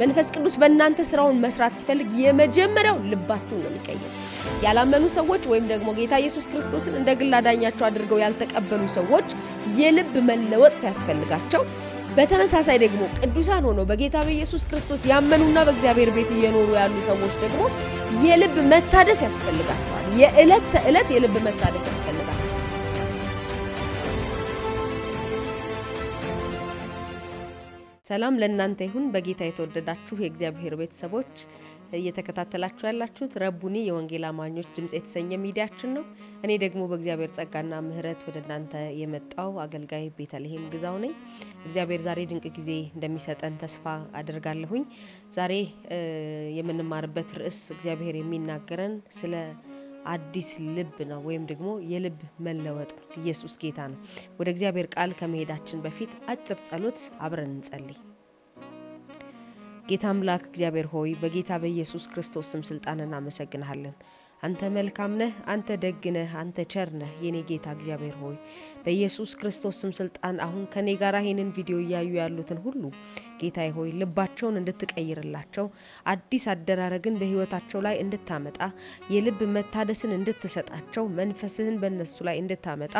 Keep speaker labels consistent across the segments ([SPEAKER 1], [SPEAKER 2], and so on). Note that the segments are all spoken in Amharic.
[SPEAKER 1] መንፈስ ቅዱስ በእናንተ ስራውን መስራት ሲፈልግ የመጀመሪያው ልባችሁን ነው የሚቀይር። ያላመኑ ሰዎች ወይም ደግሞ ጌታ ኢየሱስ ክርስቶስን እንደ ግል አዳኛቸው አድርገው ያልተቀበሉ ሰዎች የልብ መለወጥ ሲያስፈልጋቸው በተመሳሳይ ደግሞ ቅዱሳን ሆነው በጌታ በኢየሱስ ክርስቶስ ያመኑና በእግዚአብሔር ቤት እየኖሩ ያሉ ሰዎች ደግሞ የልብ መታደስ ያስፈልጋቸዋል። የዕለት ተዕለት የልብ መታደስ ያስፈልጋል።
[SPEAKER 2] ሰላም ለእናንተ ይሁን በጌታ የተወደዳችሁ የእግዚአብሔር ቤተሰቦች እየተከታተላችሁ ያላችሁት ረቡኒ የወንጌል አማኞች ድምፅ የተሰኘ ሚዲያችን ነው። እኔ ደግሞ በእግዚአብሔር ጸጋና ምሕረት ወደ እናንተ የመጣው አገልጋይ ቤተልሔም ግዛው ነኝ። እግዚአብሔር ዛሬ ድንቅ ጊዜ እንደሚሰጠን ተስፋ አደርጋለሁኝ። ዛሬ የምንማርበት ርዕስ እግዚአብሔር የሚናገረን ስለ አዲስ ልብ ነው ወይም ደግሞ የልብ መለወጥ ኢየሱስ ጌታ ነው። ወደ እግዚአብሔር ቃል ከመሄዳችን በፊት አጭር ጸሎት አብረን እንጸልይ። ጌታ አምላክ እግዚአብሔር ሆይ በጌታ በኢየሱስ ክርስቶስ ስም ስልጣን እናመሰግናለን አንተ መልካም ነህ፣ አንተ ደግ ነህ፣ አንተ ቸር ነህ። የኔ ጌታ እግዚአብሔር ሆይ በኢየሱስ ክርስቶስ ስም ስልጣን አሁን ከኔ ጋር ይህንን ቪዲዮ እያዩ ያሉትን ሁሉ ጌታዬ ሆይ ልባቸውን እንድትቀይርላቸው አዲስ አደራረግን በህይወታቸው ላይ እንድታመጣ የልብ መታደስን እንድትሰጣቸው መንፈስህን በእነሱ ላይ እንድታመጣ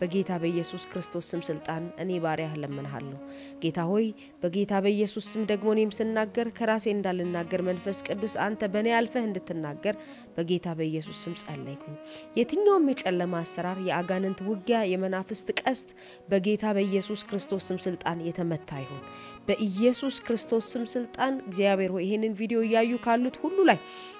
[SPEAKER 2] በጌታ በኢየሱስ ክርስቶስ ስም ስልጣን እኔ ባሪያህ ለምንሃለሁ። ጌታ ሆይ በጌታ በኢየሱስ ስም ደግሞ እኔም ስናገር ከራሴ እንዳልናገር መንፈስ ቅዱስ አንተ በእኔ አልፈህ እንድትናገር በጌታ በኢየሱስ ስም ጸለይኩኝ። የትኛውም የጨለማ አሰራር፣ የአጋንንት ውጊያ፣ የመናፍስት ቀስት በጌታ በኢየሱስ ክርስቶስ ስም ስልጣን የተመታ ይሁን። በኢየሱስ ክርስቶስ ስም ስልጣን እግዚአብሔር ሆይ ይህንን ቪዲዮ እያዩ ካሉት ሁሉ ላይ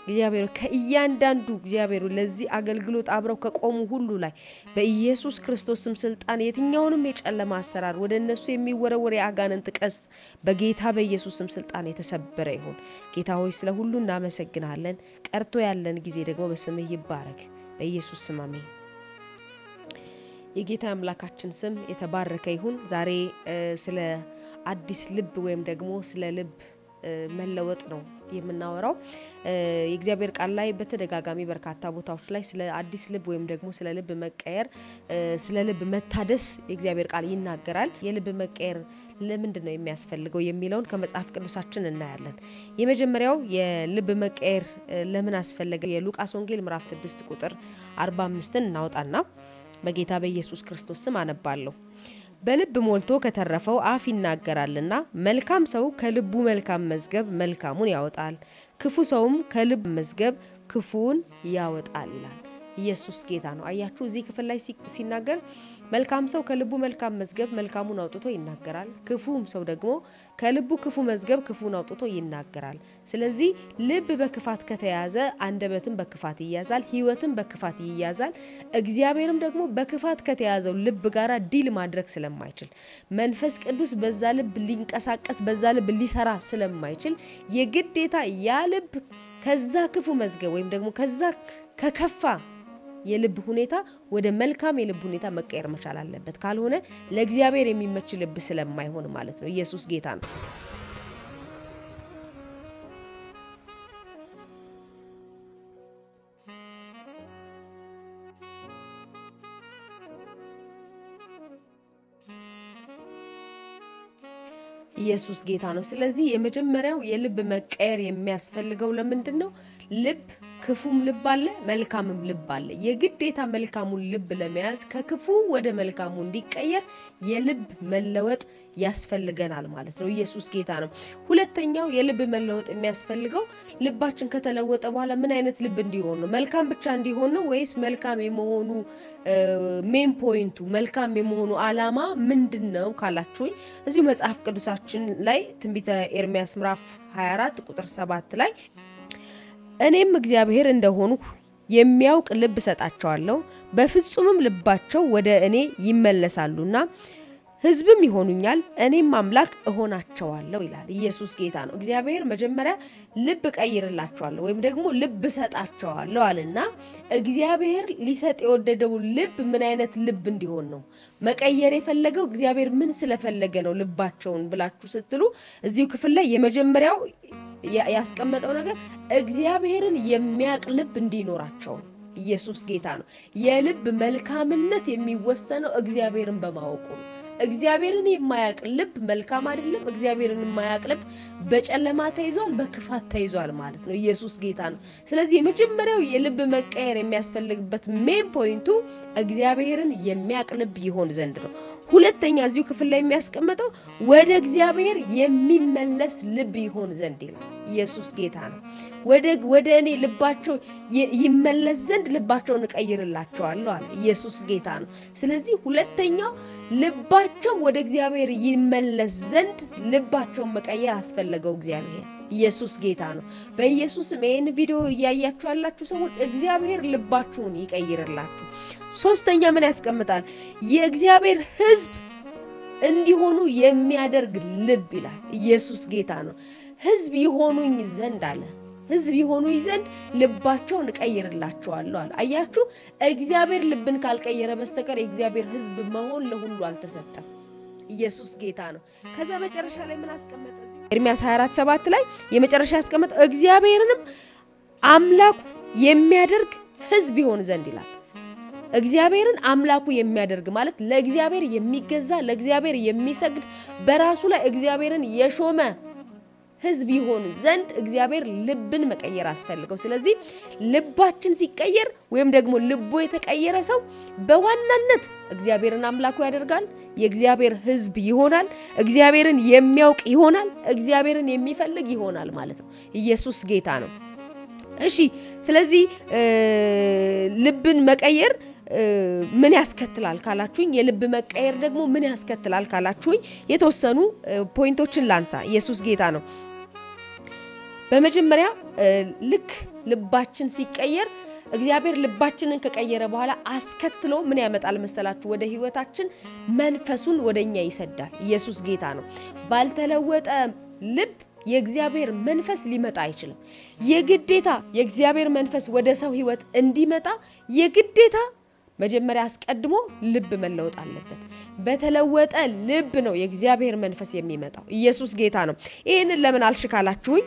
[SPEAKER 2] እግዚአብሔር ከእያንዳንዱ እግዚአብሔር ለዚህ አገልግሎት አብረው ከቆሙ ሁሉ ላይ በኢየሱስ ክርስቶስ ስም ስልጣን የትኛውንም የጨለማ አሰራር ወደ እነሱ የሚወረወር የአጋንንት ቀስት በጌታ በኢየሱስ ስም ስልጣን የተሰበረ ይሁን። ጌታ ሆይ ስለ ሁሉ እናመሰግናለን። ቀርቶ ያለን ጊዜ ደግሞ በስምህ ይባረክ። በኢየሱስ ስም አሜን። የጌታ አምላካችን ስም የተባረከ ይሁን። ዛሬ ስለ አዲስ ልብ ወይም ደግሞ ስለ ልብ መለወጥ ነው የምናወራው። የእግዚአብሔር ቃል ላይ በተደጋጋሚ በርካታ ቦታዎች ላይ ስለ አዲስ ልብ ወይም ደግሞ ስለ ልብ መቀየር፣ ስለ ልብ መታደስ የእግዚአብሔር ቃል ይናገራል። የልብ መቀየር ለምንድን ነው የሚያስፈልገው የሚለውን ከመጽሐፍ ቅዱሳችን እናያለን። የመጀመሪያው የልብ መቀየር ለምን አስፈለገ? የሉቃስ ወንጌል ምዕራፍ 6 ቁጥር 45ን እናውጣና በጌታ በኢየሱስ ክርስቶስ ስም አነባለሁ። በልብ ሞልቶ ከተረፈው አፍ ይናገራልና መልካም ሰው ከልቡ መልካም መዝገብ መልካሙን ያወጣል፣ ክፉ ሰውም ከልቡ መዝገብ ክፉውን ያወጣል ይላል። ኢየሱስ ጌታ ነው። አያችሁ እዚህ ክፍል ላይ ሲናገር መልካም ሰው ከልቡ መልካም መዝገብ መልካሙን አውጥቶ ይናገራል፣ ክፉም ሰው ደግሞ ከልቡ ክፉ መዝገብ ክፉን አውጥቶ ይናገራል። ስለዚህ ልብ በክፋት ከተያዘ አንደበትም በክፋት ይያዛል፣ ሕይወትም በክፋት ይያዛል። እግዚአብሔርም ደግሞ በክፋት ከተያዘው ልብ ጋራ ዲል ማድረግ ስለማይችል መንፈስ ቅዱስ በዛ ልብ ሊንቀሳቀስ በዛ ልብ ሊሰራ ስለማይችል የግዴታ ያ ልብ ከዛ ክፉ መዝገብ ወይም ደግሞ ከዛ ከከፋ የልብ ሁኔታ ወደ መልካም የልብ ሁኔታ መቀየር መቻል አለበት። ካልሆነ ለእግዚአብሔር የሚመች ልብ ስለማይሆን ማለት ነው። ኢየሱስ ጌታ ነው። ኢየሱስ ጌታ ነው። ስለዚህ የመጀመሪያው የልብ መቀየር የሚያስፈልገው ለምንድን ነው? ልብ ክፉም ልብ አለ፣ መልካምም ልብ አለ። የግዴታ መልካሙን ልብ ለመያዝ ከክፉ ወደ መልካሙ እንዲቀየር የልብ መለወጥ ያስፈልገናል ማለት ነው። ኢየሱስ ጌታ ነው። ሁለተኛው የልብ መለወጥ የሚያስፈልገው ልባችን ከተለወጠ በኋላ ምን አይነት ልብ እንዲሆን ነው? መልካም ብቻ እንዲሆን ነው ወይስ መልካም የመሆኑ ሜን ፖይንቱ መልካም የመሆኑ አላማ ምንድን ነው ካላችሁኝ እዚሁ መጽሐፍ ቅዱሳችን ላይ ትንቢተ ኤርሚያስ ምዕራፍ 24 ቁጥር 7 ላይ እኔም እግዚአብሔር እንደሆንሁ የሚያውቅ ልብ እሰጣቸዋለሁ፣ በፍጹምም ልባቸው ወደ እኔ ይመለሳሉና ህዝብም ይሆኑኛል እኔም አምላክ እሆናቸዋለሁ ይላል ኢየሱስ ጌታ ነው። እግዚአብሔር መጀመሪያ ልብ ቀይርላቸዋለሁ ወይም ደግሞ ልብ እሰጣቸዋለሁ አለና እግዚአብሔር ሊሰጥ የወደደው ልብ ምን አይነት ልብ እንዲሆን ነው መቀየር የፈለገው? እግዚአብሔር ምን ስለፈለገ ነው ልባቸውን ብላችሁ ስትሉ እዚሁ ክፍል ላይ የመጀመሪያው ያስቀመጠው ነገር እግዚአብሔርን የሚያቅ ልብ እንዲኖራቸው ነው። ኢየሱስ ጌታ ነው። የልብ መልካምነት የሚወሰነው እግዚአብሔርን በማወቁ ነው። እግዚአብሔርን የማያቅ ልብ መልካም አይደለም። እግዚአብሔርን የማያቅ ልብ በጨለማ ተይዟል፣ በክፋት ተይዟል ማለት ነው። ኢየሱስ ጌታ ነው። ስለዚህ የመጀመሪያው የልብ መቀየር የሚያስፈልግበት ሜን ፖይንቱ እግዚአብሔርን የሚያቅ ልብ ይሆን ዘንድ ነው። ሁለተኛ እዚሁ ክፍል ላይ የሚያስቀምጠው ወደ እግዚአብሔር የሚመለስ ልብ ይሆን ዘንድ ይላል። ኢየሱስ ጌታ ነው። ወደ ወደ እኔ ልባቸው ይመለስ ዘንድ ልባቸውን እቀይርላቸዋለሁ አለ። ኢየሱስ ጌታ ነው። ስለዚህ ሁለተኛው ልባ ልባቸው ወደ እግዚአብሔር ይመለስ ዘንድ ልባቸውን መቀየር አስፈለገው እግዚአብሔር። ኢየሱስ ጌታ ነው። በኢየሱስም ይህን ቪዲዮ እያያችሁ ያላችሁ ሰዎች እግዚአብሔር ልባችሁን ይቀይርላችሁ። ሶስተኛ ምን ያስቀምጣል? የእግዚአብሔር ሕዝብ እንዲሆኑ የሚያደርግ ልብ ይላል። ኢየሱስ ጌታ ነው። ሕዝብ ይሆኑኝ ዘንድ አለ ህዝብ የሆኑ ዘንድ ልባቸውን እቀይርላቸዋለሁ አለ። አያችሁ፣ እግዚአብሔር ልብን ካልቀየረ በስተቀር የእግዚአብሔር ህዝብ መሆን ለሁሉ አልተሰጠም። ኢየሱስ ጌታ ነው። ከዛ መጨረሻ ላይ ምን አስቀመጠ? ኤርሚያስ 24 7 ላይ የመጨረሻ ያስቀመጠው እግዚአብሔርንም አምላኩ የሚያደርግ ህዝብ ይሆን ዘንድ ይላል። እግዚአብሔርን አምላኩ የሚያደርግ ማለት ለእግዚአብሔር የሚገዛ ለእግዚአብሔር የሚሰግድ በራሱ ላይ እግዚአብሔርን የሾመ ህዝብ ይሆን ዘንድ እግዚአብሔር ልብን መቀየር አስፈልገው። ስለዚህ ልባችን ሲቀየር ወይም ደግሞ ልቡ የተቀየረ ሰው በዋናነት እግዚአብሔርን አምላኩ ያደርጋል፣ የእግዚአብሔር ህዝብ ይሆናል፣ እግዚአብሔርን የሚያውቅ ይሆናል፣ እግዚአብሔርን የሚፈልግ ይሆናል ማለት ነው። ኢየሱስ ጌታ ነው። እሺ፣ ስለዚህ ልብን መቀየር ምን ያስከትላል ካላችሁኝ፣ የልብ መቀየር ደግሞ ምን ያስከትላል ካላችሁኝ፣ የተወሰኑ ፖይንቶችን ላንሳ። ኢየሱስ ጌታ ነው። በመጀመሪያ ልክ ልባችን ሲቀየር እግዚአብሔር ልባችንን ከቀየረ በኋላ አስከትሎ ምን ያመጣል መሰላችሁ? ወደ ህይወታችን መንፈሱን ወደ እኛ ይሰዳል። ኢየሱስ ጌታ ነው። ባልተለወጠ ልብ የእግዚአብሔር መንፈስ ሊመጣ አይችልም። የግዴታ የእግዚአብሔር መንፈስ ወደ ሰው ህይወት እንዲመጣ የግዴታ መጀመሪያ አስቀድሞ ልብ መለወጥ አለበት። በተለወጠ ልብ ነው የእግዚአብሔር መንፈስ የሚመጣው። ኢየሱስ ጌታ ነው። ይህንን ለምን አልሽካላችሁኝ?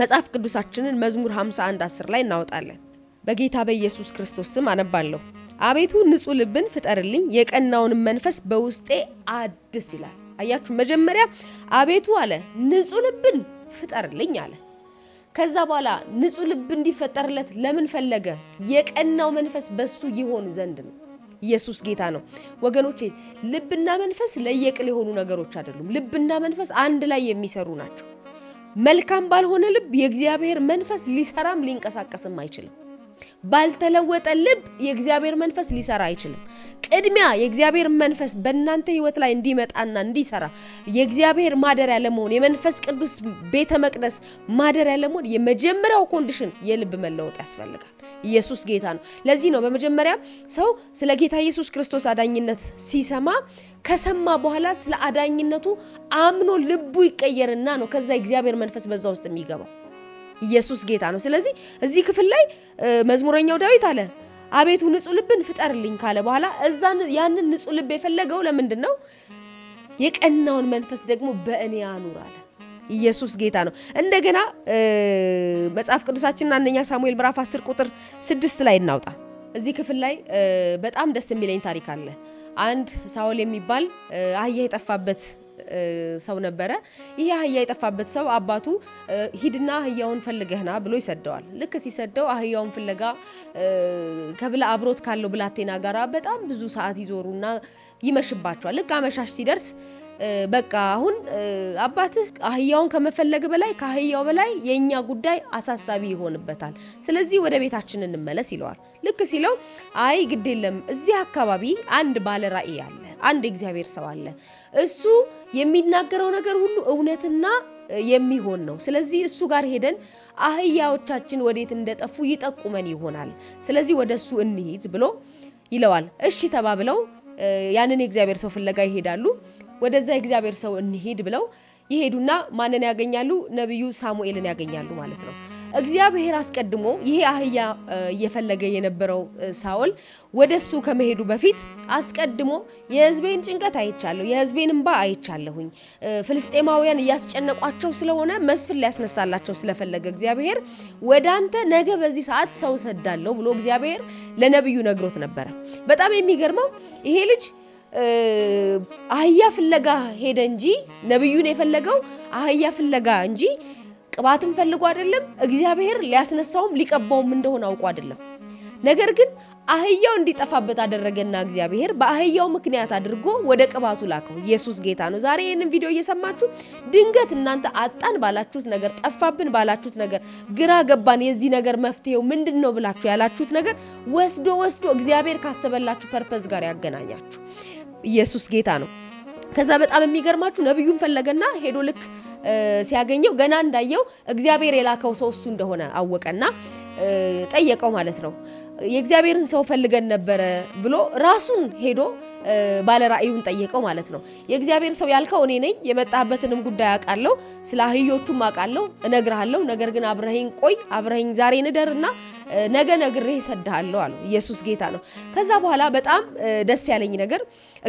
[SPEAKER 2] መጽሐፍ ቅዱሳችንን መዝሙር 51 10 ላይ እናወጣለን። በጌታ በኢየሱስ ክርስቶስ ስም አነባለሁ። አቤቱ ንጹህ ልብን ፍጠርልኝ፣ የቀናውንም መንፈስ በውስጤ አድስ ይላል። አያችሁ፣ መጀመሪያ አቤቱ አለ ንጹህ ልብን ፍጠርልኝ አለ። ከዛ በኋላ ንጹህ ልብ እንዲፈጠርለት ለምን ፈለገ? የቀናው መንፈስ በሱ ይሆን ዘንድ ነው። ኢየሱስ ጌታ ነው ወገኖቼ። ልብና መንፈስ ለየቅል የሆኑ ነገሮች አይደሉም። ልብና መንፈስ አንድ ላይ የሚሰሩ ናቸው። መልካም ባልሆነ ልብ የእግዚአብሔር መንፈስ ሊሰራም ሊንቀሳቀስም አይችልም። ባልተለወጠ ልብ የእግዚአብሔር መንፈስ ሊሰራ አይችልም። ቅድሚያ የእግዚአብሔር መንፈስ በእናንተ ህይወት ላይ እንዲመጣና እንዲሰራ የእግዚአብሔር ማደሪያ ለመሆን የመንፈስ ቅዱስ ቤተ መቅደስ ማደሪያ ለመሆን የመጀመሪያው ኮንዲሽን የልብ መለወጥ ያስፈልጋል። ኢየሱስ ጌታ ነው። ለዚህ ነው በመጀመሪያ ሰው ስለ ጌታ ኢየሱስ ክርስቶስ አዳኝነት ሲሰማ ከሰማ በኋላ ስለ አዳኝነቱ አምኖ ልቡ ይቀየርና ነው ከዛ የእግዚአብሔር መንፈስ በዛ ውስጥ የሚገባው። ኢየሱስ ጌታ ነው። ስለዚህ እዚህ ክፍል ላይ መዝሙረኛው ዳዊት አለ አቤቱ ንጹህ ልብን ፍጠርልኝ ካለ በኋላ እዛ ያንን ንጹህ ልብ የፈለገው ለምንድን ነው? የቀናውን መንፈስ ደግሞ በእኔ አኑራል ኢየሱስ ጌታ ነው። እንደገና መጽሐፍ ቅዱሳችንን አንደኛ ሳሙኤል ምዕራፍ 10 ቁጥር 6 ላይ እናውጣ። እዚህ ክፍል ላይ በጣም ደስ የሚለኝ ታሪክ አለ። አንድ ሳኦል የሚባል አህያ የጠፋበት ሰው ነበረ። ይህ አህያ የጠፋበት ሰው አባቱ ሂድና አህያውን ፈልገህና ብሎ ይሰደዋል። ልክ ሲሰደው አህያውን ፍለጋ ከብላ አብሮት ካለው ብላቴና ጋር በጣም ብዙ ሰዓት ይዞሩና ይመሽባቸዋል። ልክ አመሻሽ ሲደርስ በቃ አሁን አባትህ አህያውን ከመፈለግ በላይ ከአህያው በላይ የእኛ ጉዳይ አሳሳቢ ይሆንበታል። ስለዚህ ወደ ቤታችን እንመለስ ይለዋል። ልክ ሲለው አይ ግድ የለም እዚህ አካባቢ አንድ ባለ ራእይ አለ፣ አንድ እግዚአብሔር ሰው አለ። እሱ የሚናገረው ነገር ሁሉ እውነትና የሚሆን ነው። ስለዚህ እሱ ጋር ሄደን አህያዎቻችን ወዴት እንደጠፉ ይጠቁመን ይሆናል። ስለዚህ ወደ እሱ እንሂድ ብሎ ይለዋል። እሺ ተባብለው ያንን የእግዚአብሔር ሰው ፍለጋ ይሄዳሉ። ወደዛ የእግዚአብሔር ሰው እንሄድ ብለው ይሄዱና ማንን ያገኛሉ? ነቢዩ ሳሙኤልን ያገኛሉ ማለት ነው። እግዚአብሔር አስቀድሞ ይሄ አህያ እየፈለገ የነበረው ሳኦል ወደ እሱ ከመሄዱ በፊት አስቀድሞ የሕዝቤን ጭንቀት አይቻለሁ፣ የሕዝቤን እንባ አይቻለሁኝ፣ ፍልስጤማውያን እያስጨነቋቸው ስለሆነ መስፍን ሊያስነሳላቸው ስለፈለገ እግዚአብሔር ወደ አንተ ነገ በዚህ ሰዓት ሰው ሰዳለሁ ብሎ እግዚአብሔር ለነቢዩ ነግሮት ነበረ። በጣም የሚገርመው ይሄ ልጅ አህያ ፍለጋ ሄደ እንጂ ነብዩን የፈለገው አህያ ፍለጋ እንጂ ቅባትም ፈልጎ አይደለም። እግዚአብሔር ሊያስነሳውም ሊቀባውም እንደሆነ አውቆ አይደለም። ነገር ግን አህያው እንዲጠፋበት አደረገና እግዚአብሔር በአህያው ምክንያት አድርጎ ወደ ቅባቱ ላከው። ኢየሱስ ጌታ ነው። ዛሬ ይህንን ቪዲዮ እየሰማችሁ ድንገት እናንተ አጣን ባላችሁት ነገር፣ ጠፋብን ባላችሁት ነገር፣ ግራ ገባን የዚህ ነገር መፍትሄው ምንድን ነው ብላችሁ ያላችሁት ነገር ወስዶ ወስዶ እግዚአብሔር ካሰበላችሁ ፐርፐዝ ጋር ያገናኛችሁ። ኢየሱስ ጌታ ነው። ከዛ በጣም የሚገርማችሁ ነብዩን ፈለገና ሄዶ ልክ ሲያገኘው ገና እንዳየው እግዚአብሔር የላከው ሰው እሱ እንደሆነ አወቀና ጠየቀው ማለት ነው። የእግዚአብሔርን ሰው ፈልገን ነበረ ብሎ ራሱን ሄዶ ባለራእዩን ጠየቀው ማለት ነው። የእግዚአብሔር ሰው ያልከው እኔ ነኝ፣ የመጣህበትንም ጉዳይ አውቃለሁ፣ ስለ አህዮቹም አውቃለሁ እነግርሃለሁ። ነገር ግን አብረኸኝ ቆይ፣ አብረኸኝ ዛሬ ንደርና ነገ ነግሬህ እሰድሃለሁ አለው። ኢየሱስ ጌታ ነው። ከዛ በኋላ በጣም ደስ ያለኝ ነገር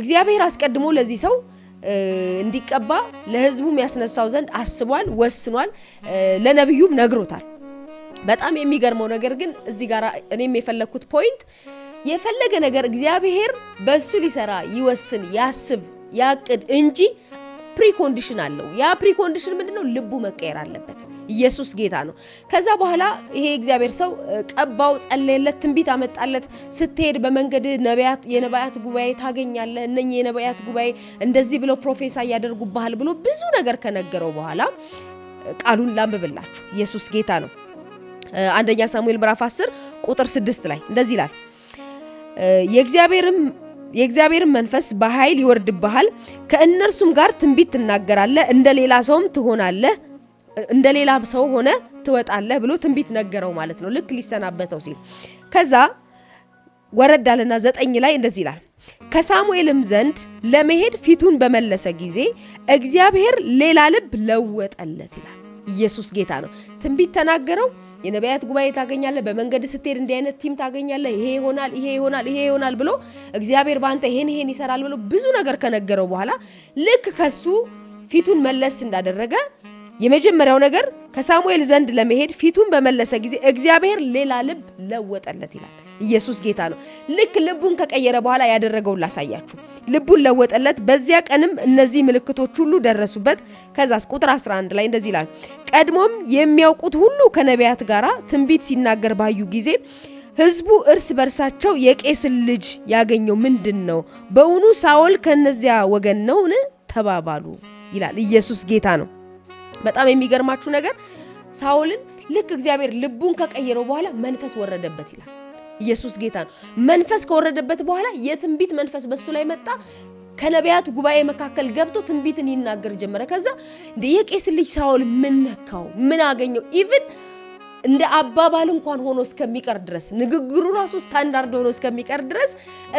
[SPEAKER 2] እግዚአብሔር አስቀድሞ ለዚህ ሰው እንዲቀባ ለሕዝቡም ያስነሳው ዘንድ አስቧል፣ ወስኗል፣ ለነቢዩም ነግሮታል። በጣም የሚገርመው ነገር ግን እዚህ ጋር እኔም የፈለግኩት ፖይንት የፈለገ ነገር እግዚአብሔር በሱ ሊሰራ ይወስን፣ ያስብ፣ ያቅድ እንጂ ፕሪኮንዲሽን አለው። ያ ፕሪኮንዲሽን ምንድነው? ልቡ መቀየር አለበት። ኢየሱስ ጌታ ነው። ከዛ በኋላ ይሄ እግዚአብሔር ሰው ቀባው፣ ጸለየለት፣ ትንቢት አመጣለት። ስትሄድ በመንገድ ነቢያት የነቢያት ጉባኤ ታገኛለህ፣ እነኚህ የነቢያት ጉባኤ እንደዚህ ብለው ፕሮፌሳ እያደርጉብሃል ብሎ ብዙ ነገር ከነገረው በኋላ ቃሉን ላንብብላችሁ። ኢየሱስ ጌታ ነው። አንደኛ ሳሙኤል ምዕራፍ 10 ቁጥር 6 ላይ እንደዚህ ይላል የእግዚአብሔርም የእግዚአብሔርን መንፈስ በኃይል ይወርድብሃል፣ ከእነርሱም ጋር ትንቢት ትናገራለህ፣ እንደ ሌላ ሰውም ትሆናለህ፣ እንደ ሌላ ሰው ሆነ ትወጣለህ ብሎ ትንቢት ነገረው ማለት ነው። ልክ ሊሰናበተው ሲል ከዛ ወረዳልና ዘጠኝ ላይ እንደዚህ ይላል ከሳሙኤልም ዘንድ ለመሄድ ፊቱን በመለሰ ጊዜ እግዚአብሔር ሌላ ልብ ለወጠለት ይላል። ኢየሱስ ጌታ ነው። ትንቢት ተናገረው። የነቢያት ጉባኤ ታገኛለህ፣ በመንገድ ስትሄድ እንዲህ አይነት ቲም ታገኛለህ፣ ይሄ ይሆናል፣ ይሄ ይሆናል፣ ይሄ ይሆናል ብሎ እግዚአብሔር በአንተ ይሄን ይሄን ይሰራል ብሎ ብዙ ነገር ከነገረው በኋላ ልክ ከሱ ፊቱን መለስ እንዳደረገ የመጀመሪያው ነገር ከሳሙኤል ዘንድ ለመሄድ ፊቱን በመለሰ ጊዜ እግዚአብሔር ሌላ ልብ ለወጠለት ይላል። ኢየሱስ ጌታ ነው። ልክ ልቡን ከቀየረ በኋላ ያደረገውን ላሳያችሁ። ልቡን ለወጠለት። በዚያ ቀንም እነዚህ ምልክቶች ሁሉ ደረሱበት። ከዛስ ቁጥር 11 ላይ እንደዚህ ይላል፣ ቀድሞም የሚያውቁት ሁሉ ከነቢያት ጋራ ትንቢት ሲናገር ባዩ ጊዜ ሕዝቡ እርስ በርሳቸው የቄስን ልጅ ያገኘው ምንድን ነው? በውኑ ሳኦል ከነዚያ ወገን ነውን? ተባባሉ ይላል። ኢየሱስ ጌታ ነው። በጣም የሚገርማችሁ ነገር ሳኦልን ልክ እግዚአብሔር ልቡን ከቀየረው በኋላ መንፈስ ወረደበት ይላል። ኢየሱስ ጌታ ነው። መንፈስ ከወረደበት በኋላ የትንቢት መንፈስ በሱ ላይ መጣ። ከነቢያት ጉባኤ መካከል ገብቶ ትንቢትን ይናገር ጀመረ። ከዛ እንደ የቄስ ልጅ ሳውል ምን ነካው? ምን አገኘው? ኢቭን እንደ አባባል እንኳን ሆኖ እስከሚቀር ድረስ ንግግሩ ራሱ ስታንዳርድ ሆኖ እስከሚቀር ድረስ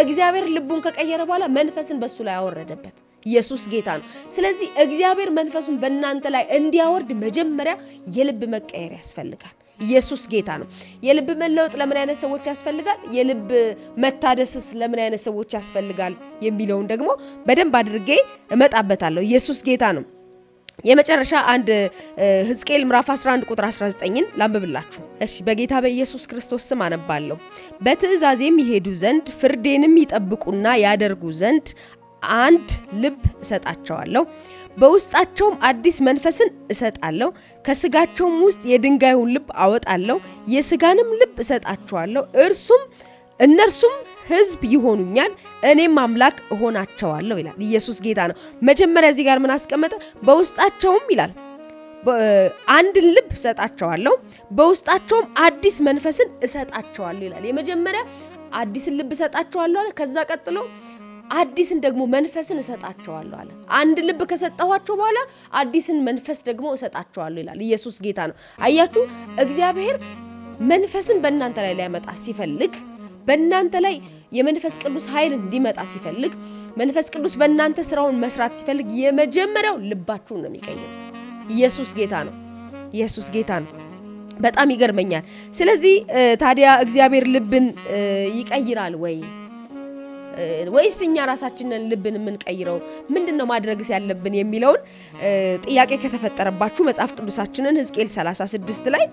[SPEAKER 2] እግዚአብሔር ልቡን ከቀየረ በኋላ መንፈስን በሱ ላይ አወረደበት። ኢየሱስ ጌታ ነው። ስለዚህ እግዚአብሔር መንፈሱን በእናንተ ላይ እንዲያወርድ መጀመሪያ የልብ መቀየር ያስፈልጋል። ኢየሱስ ጌታ ነው። የልብ መለወጥ ለምን አይነት ሰዎች ያስፈልጋል? የልብ መታደስስ ለምን አይነት ሰዎች ያስፈልጋል? የሚለውን ደግሞ በደንብ አድርጌ እመጣበታለሁ። ኢየሱስ ጌታ ነው። የመጨረሻ አንድ ህዝቅኤል ምዕራፍ 11 ቁጥር 19ን ላንብብላችሁ። እሺ፣ በጌታ በኢየሱስ ክርስቶስ ስም አነባለሁ። በትእዛዜም ይሄዱ ዘንድ ፍርዴንም ይጠብቁና ያደርጉ ዘንድ አንድ ልብ እሰጣቸዋለሁ፣ በውስጣቸውም አዲስ መንፈስን እሰጣለሁ። ከስጋቸውም ውስጥ የድንጋዩን ልብ አወጣለሁ፣ የስጋንም ልብ እሰጣቸዋለሁ። እርሱም እነርሱም ህዝብ ይሆኑኛል፣ እኔም አምላክ እሆናቸዋለሁ ይላል። ኢየሱስ ጌታ ነው። መጀመሪያ እዚህ ጋር ምን አስቀመጠ? በውስጣቸውም ይላል አንድን ልብ እሰጣቸዋለሁ፣ በውስጣቸውም አዲስ መንፈስን እሰጣቸዋለሁ ይላል። የመጀመሪያ አዲስን ልብ እሰጣቸዋለሁ አለ። ከዛ ቀጥሎ አዲስን ደግሞ መንፈስን እሰጣቸዋለሁ አለ። አንድ ልብ ከሰጠኋቸው በኋላ አዲስን መንፈስ ደግሞ እሰጣቸዋለሁ ይላል። ኢየሱስ ጌታ ነው። አያችሁ፣ እግዚአብሔር መንፈስን በእናንተ ላይ ሊያመጣ ሲፈልግ በእናንተ ላይ የመንፈስ ቅዱስ ኃይል እንዲመጣ ሲፈልግ መንፈስ ቅዱስ በእናንተ ስራውን መስራት ሲፈልግ የመጀመሪያው ልባችሁን ነው የሚቀይረው። ኢየሱስ ጌታ ነው። ኢየሱስ ጌታ ነው። በጣም ይገርመኛል። ስለዚህ ታዲያ እግዚአብሔር ልብን ይቀይራል ወይ? ወይስ እኛ ራሳችንን ልብን የምንቀይረው? ምንድን ነው ማድረግስ ያለብን የሚለውን ጥያቄ ከተፈጠረባችሁ መጽሐፍ ቅዱሳችንን ህዝቅኤል 36 ላይ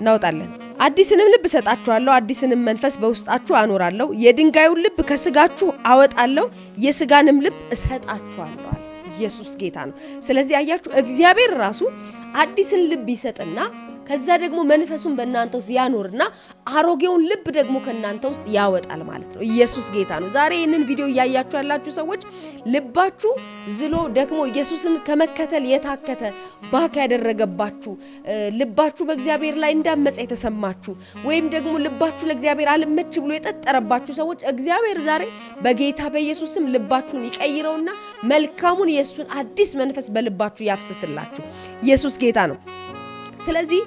[SPEAKER 2] እናወጣለን። አዲስንም ልብ እሰጣችኋለሁ፣ አዲስንም መንፈስ በውስጣችሁ አኖራለሁ፣ የድንጋዩን ልብ ከስጋችሁ አወጣለሁ፣ የስጋንም ልብ እሰጣችኋለሁ። ኢየሱስ ጌታ ነው። ስለዚህ አያችሁ፣ እግዚአብሔር ራሱ አዲስን ልብ ይሰጥና ከዛ ደግሞ መንፈሱን በእናንተ ውስጥ ያኖርና አሮጌውን ልብ ደግሞ ከእናንተ ውስጥ ያወጣል ማለት ነው። ኢየሱስ ጌታ ነው። ዛሬ ይህንን ቪዲዮ እያያችሁ ያላችሁ ሰዎች ልባችሁ ዝሎ ደግሞ ኢየሱስን ከመከተል የታከተ ባካ ያደረገባችሁ ልባችሁ በእግዚአብሔር ላይ እንዳመፀ የተሰማችሁ ወይም ደግሞ ልባችሁ ለእግዚአብሔር አልመች ብሎ የጠጠረባችሁ ሰዎች እግዚአብሔር ዛሬ በጌታ በኢየሱስም ልባችሁን ይቀይረውና መልካሙን የእሱን አዲስ መንፈስ በልባችሁ ያፍስስላችሁ። ኢየሱስ ጌታ ነው። ስለዚህ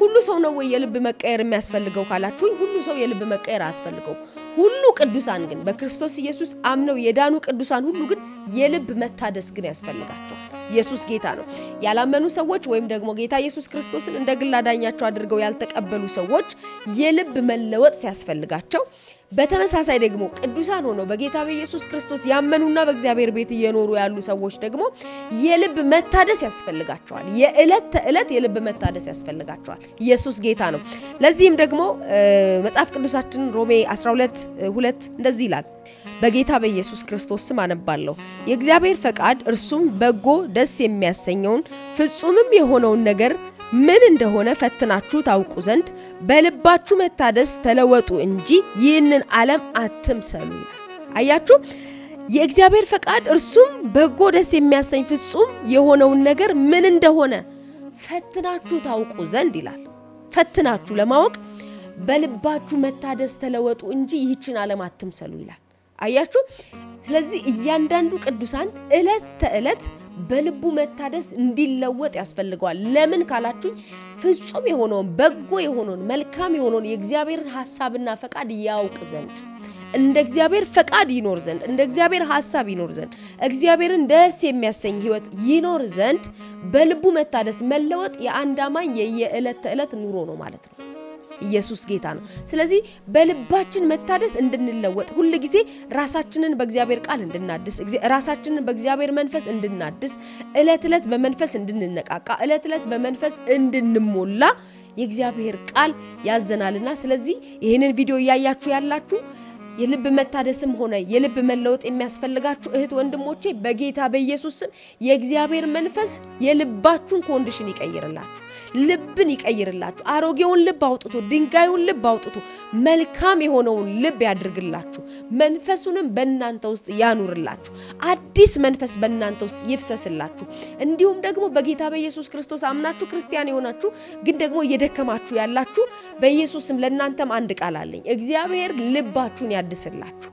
[SPEAKER 2] ሁሉ ሰው ነው ወይ የልብ መቀየር የሚያስፈልገው ካላችሁ ሁሉ ሰው የልብ መቀየር አያስፈልገው። ሁሉ ቅዱሳን ግን በክርስቶስ ኢየሱስ አምነው የዳኑ ቅዱሳን ሁሉ ግን የልብ መታደስ ግን ያስፈልጋቸዋል። ኢየሱስ ጌታ ነው። ያላመኑ ሰዎች ወይም ደግሞ ጌታ ኢየሱስ ክርስቶስን እንደ ግል አዳኛቸው አድርገው ያልተቀበሉ ሰዎች የልብ መለወጥ ሲያስፈልጋቸው በተመሳሳይ ደግሞ ቅዱሳን ሆነው በጌታ በኢየሱስ ክርስቶስ ያመኑና በእግዚአብሔር ቤት እየኖሩ ያሉ ሰዎች ደግሞ የልብ መታደስ ያስፈልጋቸዋል። የዕለት ተዕለት የልብ መታደስ ያስፈልጋቸዋል። ኢየሱስ ጌታ ነው። ለዚህም ደግሞ መጽሐፍ ቅዱሳችን ሮሜ 12 2 እንደዚህ ይላል በጌታ በኢየሱስ ክርስቶስ ስም አነባለሁ። የእግዚአብሔር ፈቃድ እርሱም በጎ ደስ የሚያሰኘውን ፍጹምም የሆነውን ነገር ምን እንደሆነ ፈትናችሁ ታውቁ ዘንድ በልባችሁ መታደስ ተለወጡ እንጂ ይህንን ዓለም አትምሰሉ። አያችሁ፣ የእግዚአብሔር ፈቃድ እርሱም በጎ ደስ የሚያሰኝ ፍጹም የሆነውን ነገር ምን እንደሆነ ፈትናችሁ ታውቁ ዘንድ ይላል። ፈትናችሁ ለማወቅ በልባችሁ መታደስ ተለወጡ እንጂ ይህችን ዓለም አትምሰሉ ይላል። አያችሁ። ስለዚህ እያንዳንዱ ቅዱሳን ዕለት ተዕለት በልቡ መታደስ እንዲለወጥ ያስፈልገዋል። ለምን ካላችሁኝ ፍጹም የሆነውን በጎ የሆነውን መልካም የሆነውን የእግዚአብሔርን ሀሳብና ፈቃድ ያውቅ ዘንድ እንደ እግዚአብሔር ፈቃድ ይኖር ዘንድ እንደ እግዚአብሔር ሀሳብ ይኖር ዘንድ እግዚአብሔርን ደስ የሚያሰኝ ህይወት ይኖር ዘንድ በልቡ መታደስ መለወጥ የአንድ አማኝ የየዕለት ተዕለት ኑሮ ነው ማለት ነው። ኢየሱስ ጌታ ነው። ስለዚህ በልባችን መታደስ እንድንለወጥ ሁል ጊዜ ራሳችንን በእግዚአብሔር ቃል እንድናድስ ራሳችንን በእግዚአብሔር መንፈስ እንድናድስ እለት እለት በመንፈስ እንድንነቃቃ እለት እለት በመንፈስ እንድንሞላ የእግዚአብሔር ቃል ያዘናልና ስለዚህ ይህንን ቪዲዮ እያያችሁ ያላችሁ የልብ መታደስም ሆነ የልብ መለወጥ የሚያስፈልጋችሁ እህት ወንድሞቼ፣ በጌታ በኢየሱስ ስም የእግዚአብሔር መንፈስ የልባችሁን ኮንዲሽን ይቀይርላችሁ። ልብን ይቀይርላችሁ። አሮጌውን ልብ አውጥቶ ድንጋዩን ልብ አውጥቶ መልካም የሆነውን ልብ ያድርግላችሁ። መንፈሱንም በእናንተ ውስጥ ያኑርላችሁ። አዲስ መንፈስ በእናንተ ውስጥ ይፍሰስላችሁ። እንዲሁም ደግሞ በጌታ በኢየሱስ ክርስቶስ አምናችሁ ክርስቲያን የሆናችሁ ግን ደግሞ እየደከማችሁ ያላችሁ በኢየሱስም ለእናንተም አንድ ቃል አለኝ። እግዚአብሔር ልባችሁን ያድስላችሁ።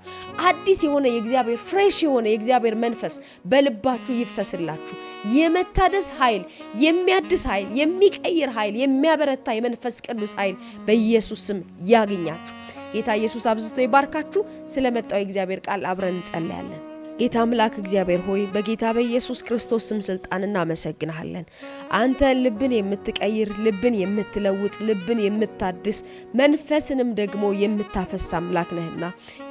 [SPEAKER 2] አዲስ የሆነ የእግዚአብሔር ፍሬሽ የሆነ የእግዚአብሔር መንፈስ በልባችሁ ይፍሰስላችሁ። የመታደስ ኃይል የሚያድስ ኃይል የሚ የሚቀይር ኃይል፣ የሚያበረታ የመንፈስ ቅዱስ ኃይል በኢየሱስ ስም ያገኛችሁ። ጌታ ኢየሱስ አብዝቶ ይባርካችሁ። ስለመጣው የእግዚአብሔር ቃል አብረን እንጸለያለን። ጌታ አምላክ እግዚአብሔር ሆይ በጌታ በኢየሱስ ክርስቶስ ስም ስልጣን እናመሰግናለን። አንተ ልብን የምትቀይር፣ ልብን የምትለውጥ፣ ልብን የምታድስ መንፈስንም ደግሞ የምታፈስ አምላክ ነህና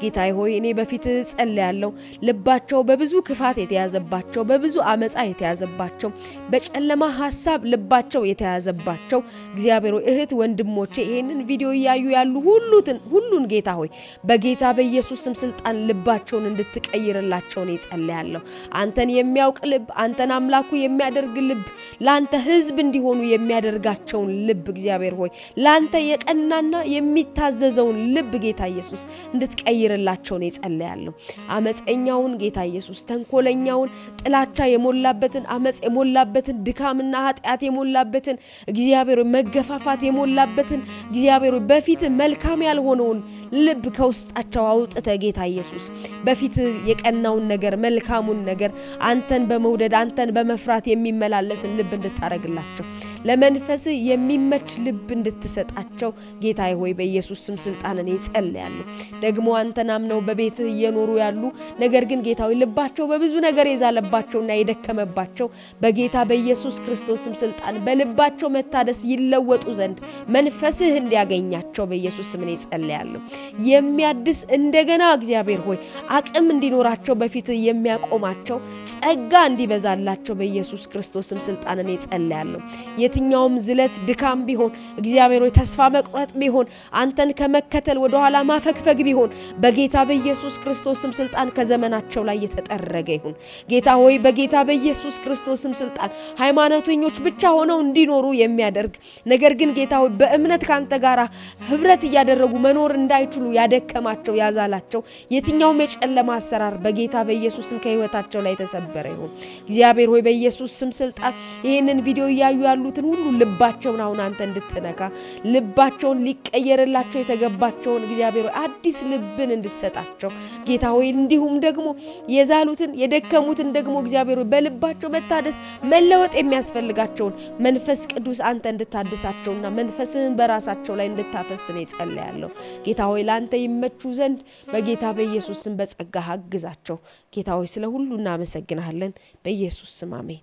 [SPEAKER 2] ጌታ ሆይ እኔ በፊትህ ጸልያለሁ። ልባቸው በብዙ ክፋት የተያዘባቸው፣ በብዙ አመፃ የተያዘባቸው፣ በጨለማ ሀሳብ ልባቸው የተያዘባቸው እግዚአብሔር እህት ወንድሞቼ ይህንን ቪዲዮ እያዩ ያሉ ሁሉን ጌታ ሆይ በጌታ በኢየሱስ ስም ስልጣን ልባቸውን እንድትቀይርላቸው እንዲሰጣቸው እኔ ጸልያለሁ። አንተን የሚያውቅ ልብ፣ አንተን አምላኩ የሚያደርግ ልብ፣ ለአንተ ህዝብ እንዲሆኑ የሚያደርጋቸውን ልብ እግዚአብሔር ሆይ ለአንተ የቀናና የሚታዘዘውን ልብ ጌታ ኢየሱስ እንድትቀይርላቸው እኔ ጸልያለሁ። አመፀኛውን ጌታ ኢየሱስ ተንኮለኛውን፣ ጥላቻ የሞላበትን፣ አመፅ የሞላበትን፣ ድካምና ኃጢአት የሞላበትን እግዚአብሔር መገፋፋት የሞላበትን እግዚአብሔር በፊት መልካም ያልሆነውን ልብ ከውስጣቸው አውጥተ ጌታ ኢየሱስ በፊት የቀናውን ነገር መልካሙን ነገር አንተን በመውደድ አንተን በመፍራት የሚመላለስን ልብ እንድታረግላቸው ለመንፈስ የሚመች ልብ እንድትሰጣቸው ጌታ ሆይ በኢየሱስ ስም ስልጣንን ይጸልያሉ። ደግሞ አንተን አምነው በቤትህ እየኖሩ ያሉ ነገር ግን ጌታ ሆይ ልባቸው በብዙ ነገር የዛለባቸውና የደከመባቸው በጌታ በኢየሱስ ክርስቶስ ስም ስልጣን በልባቸው መታደስ ይለወጡ ዘንድ መንፈስህ እንዲያገኛቸው በኢየሱስ ስም እኔ የሚያድስ እንደገና እግዚአብሔር ሆይ አቅም እንዲኖራቸው በፊት የሚያቆማቸው ጸጋ እንዲበዛላቸው በኢየሱስ ክርስቶስም ስልጣን እኔ ጸልያለሁ። የትኛውም ዝለት ድካም ቢሆን እግዚአብሔር ሆይ ተስፋ መቁረጥ ቢሆን አንተን ከመከተል ወደኋላ ማፈግፈግ ቢሆን በጌታ በኢየሱስ ክርስቶስም ስልጣን ከዘመናቸው ላይ የተጠረገ ይሁን። ጌታ ሆይ በጌታ በኢየሱስ ክርስቶስም ስልጣን ሃይማኖተኞች ብቻ ሆነው እንዲኖሩ የሚያደርግ ነገር ግን ጌታ ሆይ በእምነት ካንተ ጋር ህብረት እያደረጉ መኖር እንዳይችሉ ያደከማቸው ያዛላቸው የትኛውም የጨለማ አሰራር በጌታ ጌታ በኢየሱስም ከህይወታቸው ላይ ተሰበረ ይሁን። እግዚአብሔር ሆይ በኢየሱስ ስም ስልጣን ይህንን ቪዲዮ እያዩ ያሉትን ሁሉ ልባቸውን አሁን አንተ እንድትነካ ልባቸውን ሊቀየርላቸው የተገባቸውን እግዚአብሔር አዲስ ልብን እንድትሰጣቸው ጌታ ሆይ እንዲሁም ደግሞ የዛሉትን የደከሙትን ደግሞ እግዚአብሔር ሆይ በልባቸው መታደስ መለወጥ የሚያስፈልጋቸውን መንፈስ ቅዱስ አንተ እንድታድሳቸውና መንፈስህን በራሳቸው ላይ እንድታፈስ ነው የጸለያለሁ። ጌታ ሆይ ለአንተ ይመቹ ዘንድ በጌታ በኢየሱስ ስም በጸጋህ አግዛቸው። ጌታ ሆይ ስለ ሁሉ እናመሰግናሃለን። በኢየሱስ ስም አሜን።